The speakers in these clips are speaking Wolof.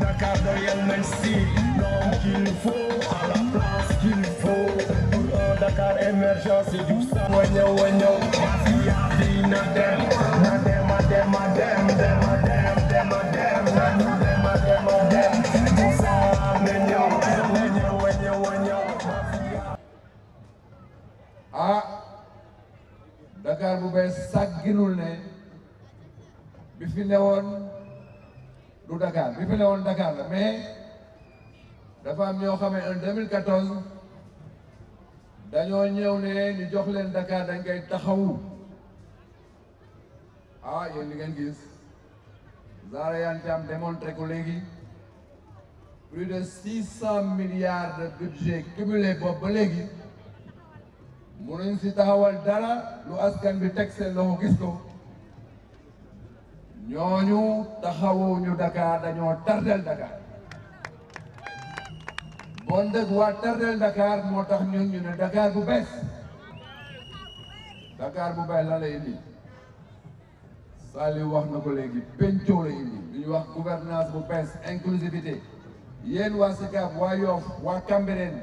Dakar doyal nañ si donc il faut à la place qu'il faut pour un Dakar émergent c'est du sang wañaw wañaw mafia bi na dem na dem a dem a dem dem a dem dem a dem na ñu dem a dem a dem Moussa na ñëw wañaw wañaw wañaw mafia ah Dakar bu bees sàgginul ne bi fi newoon du Dakar bi fi newoon Dakar la mais dafa am ño xamé en 2014 dañu ñew né ñu jox leen Dakar dañ ngay taxaw ah yéen li ngeen gis Zahra Iyane Thiam démontré ko légui plus de 600 milliards de budget cumulé boobu ba légui mënuñ si taxawal dara lu askan bi teg seen loxo gis ko ñu taxawuñu Dakar dañoo tardel Dakar bon dëgg waa tardel Dakar moo tax ñun ñu ne Dakar bu bees Dakar bu bees la lay indi Saliou wax na ko léegi pencoo la indi lu ñuy wax gouvernance bu bees inclusivité yenn waa Sicap waa Yoff waa Cambérène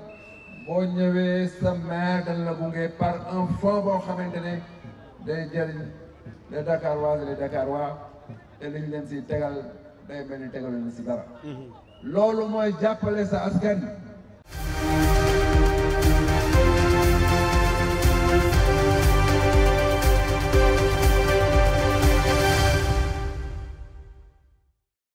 boo ñëwee sa maire dana la gunge par un fonds boo xamante ne day jëriñ les Dakaroises les Dakarois te liñ leen si tegal day mel ni tegaluñ si dara. Mm-hmm. loolu mooy jàppale sa askan.